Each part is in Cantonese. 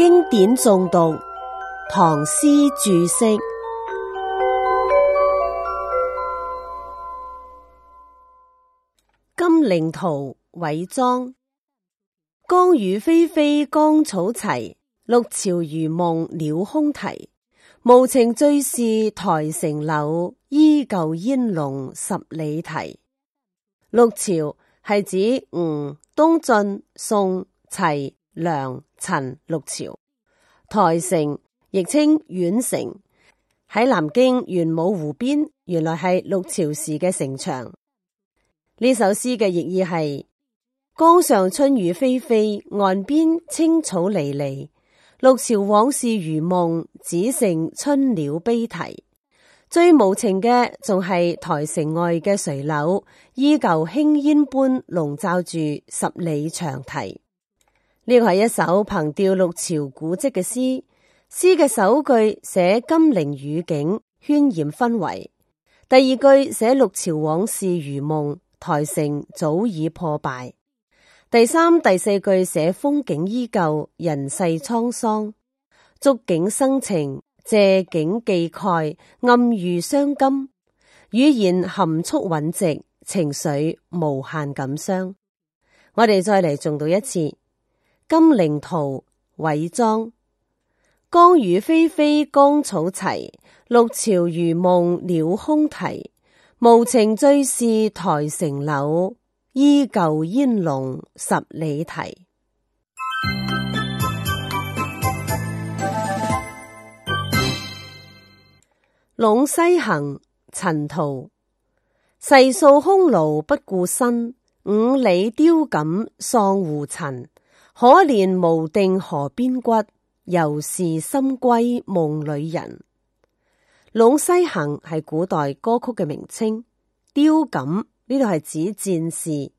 經典誦讀，唐詩註釋。金陵圖，韋莊。江雨霏霏，江草齊，六朝如夢，鳥空啼。無情最是台城柳，依舊煙籠十里堤。六朝係指吳、東晉、宋、齊。梁陳六朝台城，亦稱宛城，喺南京玄武湖邊，原來係六朝時嘅城牆。呢首詩嘅譯意係：江上春雨霏霏，岸邊青草離離。六朝往事如夢，只剩春鳥悲啼。最無情嘅，仲係台城外嘅垂柳，依舊輕煙般籠罩住十里長堤。呢個係一首憑吊六朝古迹嘅詩。詩嘅首句寫金陵雨景，渲染氛圍；第二句寫六朝往事如夢，台城早已破敗。第三、第四句寫風景依舊，人世滄桑，觸景生情，借景寄慨，暗喻傷今。語言含蓄穩直，情緒無限感傷。我哋再嚟重讀一次。金陵圖，韋莊。江雨霏霏，江草齊；六朝如夢，鳥空啼。無情最是台城柳，依舊煙籠十里堤。隴西行，陳陶。誓掃匈奴不顧身，五里貂錦喪胡塵。可憐無定河邊骨，猶是心歸夢裏人。《隴西行》係古代歌曲嘅名稱。貂錦呢度係指戰士。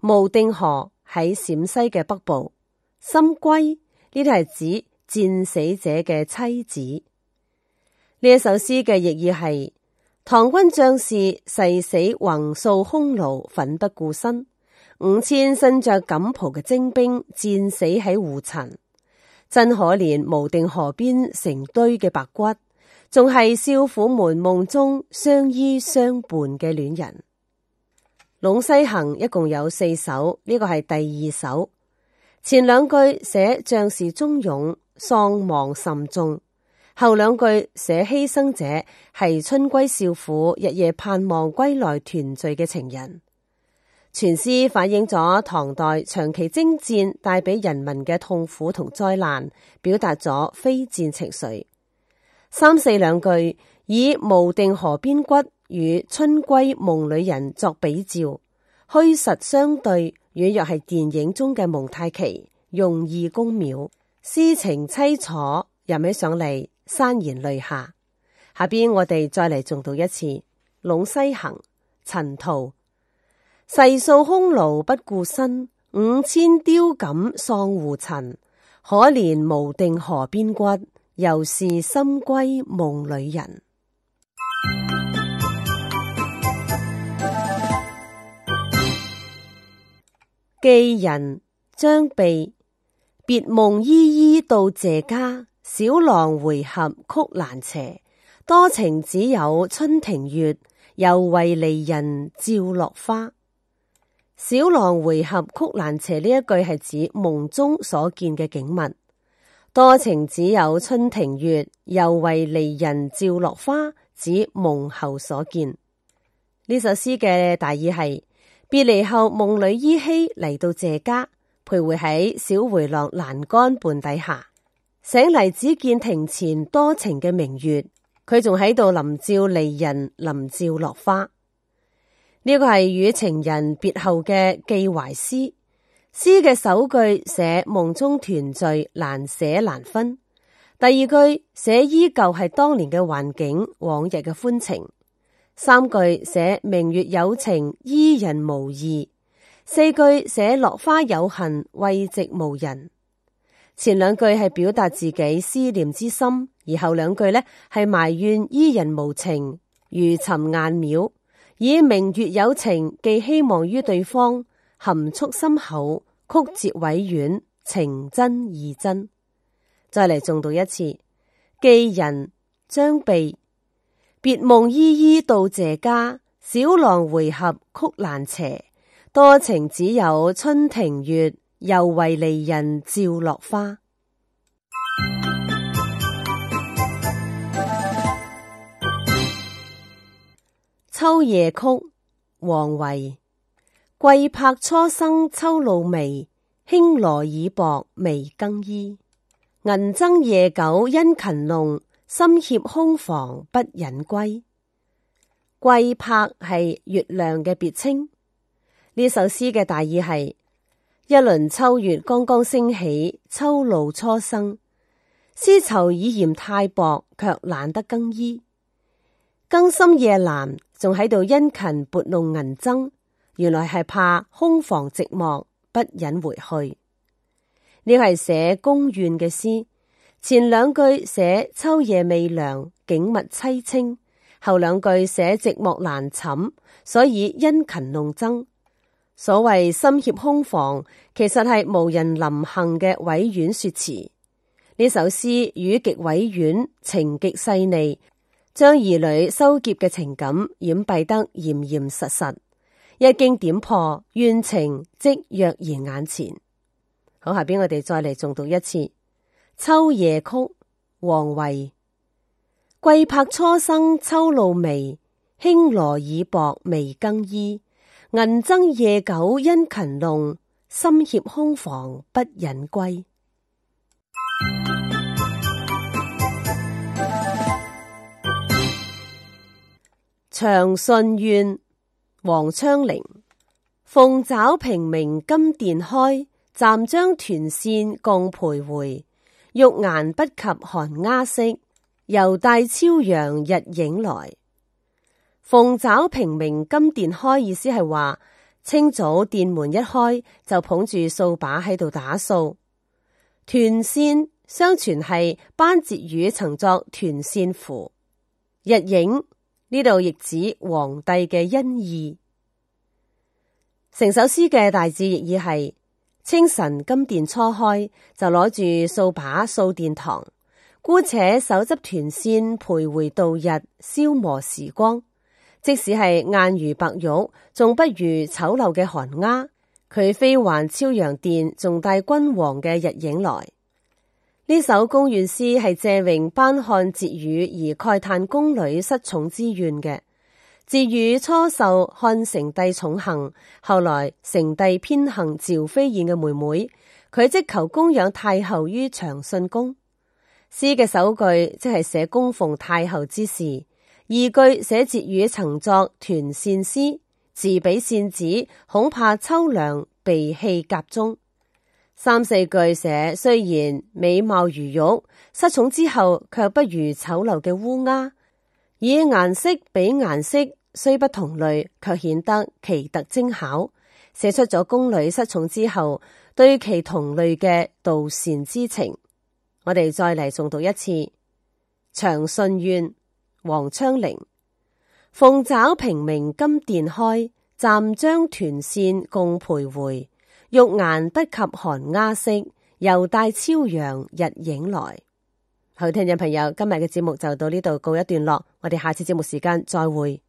無定河喺陝西嘅北部。心歸呢度係指戰死者嘅妻子。呢一首詩嘅譯意係唐軍將士誓死橫掃匈奴，奴，奮不顧身。五千身着錦袍嘅精兵戰死喺胡塵，真可憐！無定河邊成堆嘅白骨，仲係少婦們夢中相依相伴嘅戀人。《隴西行》一共有四首，呢個係第二首。前兩句寫將士忠勇，喪亡甚重；後兩句寫犧牲者係春閨少婦，日夜盼望歸來團聚嘅情人。全詩反映咗唐代長期征戰帶畀人民嘅痛苦同災難，表達咗非戰情緒。三四兩句以無定河邊骨與春歸夢裏人作比照，虛實相對，宛若係電影中嘅蒙太奇，用意工妙，詩情凄楚，吟起上嚟潸然淚下。下邊我哋再嚟重讀一次《隴西行》，陳陶。誓掃匈奴不顧身，五千貂錦喪胡塵。可憐無定河邊骨，猶是深閨夢裏人。寄 人張泌，別夢依依到謝家。小廊回合曲闌斜，多情只有春庭月，又為離人照落花。小廊回合曲闌斜呢一句係指夢中所見嘅景物，多情只有春庭月，猶為離人照落花，指夢後所見。呢首詩嘅大意係別離後，夢裏依稀嚟到謝家，徘徊喺小回廊欄杆半底下，醒嚟只見庭前多情嘅明月，佢仲喺度臨照離人，臨照落花。呢個係與情人別後嘅寄懷詩。詩嘅首句寫夢中團聚難捨難分，第二句寫依舊係當年嘅環境，往日嘅歡情。三句寫明月有情，伊人無義。四句寫落花有恨，慰藉無人。前兩句係表達自己思念之心，而後兩句呢，係埋怨伊人無情，魚沉雁渺。以明月有情，寄希望於對方，含蓄深厚，曲折委婉，情真意真。再嚟重讀一次：寄人張泌，別夢依依到謝家，小廊回合曲闌斜。多情只有春庭月，猶為離人照落花。秋夜曲，王維。桂魄初生秋露微，輕羅已薄未更衣。銀箏夜久殷勤弄，心怯空房不忍歸。桂魄係月亮嘅別稱。呢首詩嘅大意係：一輪秋月剛剛升起，秋露初生，絲綢已嫌太薄，卻懶得更衣。更深夜闌仲喺度殷勤撥弄銀箏，原來係怕空房寂寞，不忍回去。呢係寫宮怨嘅詩，前兩句寫秋夜未涼，景物凄清；後兩句寫寂寞難寢，所以殷勤弄箏。所謂心怯空房，其實係無人臨幸嘅委婉說辭。呢首詩語極委婉，情極細膩。將兒女收結嘅情感掩蔽得嚴嚴實實，一經點破，怨情即躍然眼前。好，下邊我哋再嚟重讀一次《秋夜曲》。王維：桂魄初生秋露微，輕羅已薄未更衣。銀箏夜久殷勤弄，心怯空房不忍歸。長信怨，王昌齡。奉帚平明金殿開，暫將團扇共徘徊。玉顏不及寒鴉色，猶帶昭陽日影來。奉帚平明金殿開，意思係話清早殿門一開就捧住掃把喺度打掃。團扇相傳係班婕妤曾作團扇符日影。呢度亦指皇帝嘅恩意。成首詩嘅大致意義係：清晨金殿初開，就攞住掃把掃殿堂；姑且手執團扇徘徊度日，消磨時光。即使係顏如白玉，仲不如醜陋嘅寒鴉。佢飛還昭陽殿，仲帶君王嘅日影來。呢首宮怨詩係借詠班漢婕妤而慨嘆宮女失寵之怨嘅。婕妤初受漢成帝寵幸，後來成帝偏幸趙飛燕嘅妹妹，佢即求供養太后於長信宮。詩嘅首句即係寫供奉太后之事，二句寫婕妤曾作團扇詩，自比扇子，恐怕秋涼被棄篋中。三四句寫雖然美貌如玉，失寵之後却不如醜陋嘅烏鴉。以顏色比顏色，雖不同類，却顯得奇特精巧。寫出咗宮女失寵之後對其同類嘅道善之情。我哋再嚟重讀一次《長信怨》。王昌齡。奉帚平明金殿開，暫將團扇共徘徊。玉顏不及寒鴉色，猶帶朝陽日影來。好，聽眾朋友，今日嘅節目就到呢度告一段落，我哋下次節目時間再會。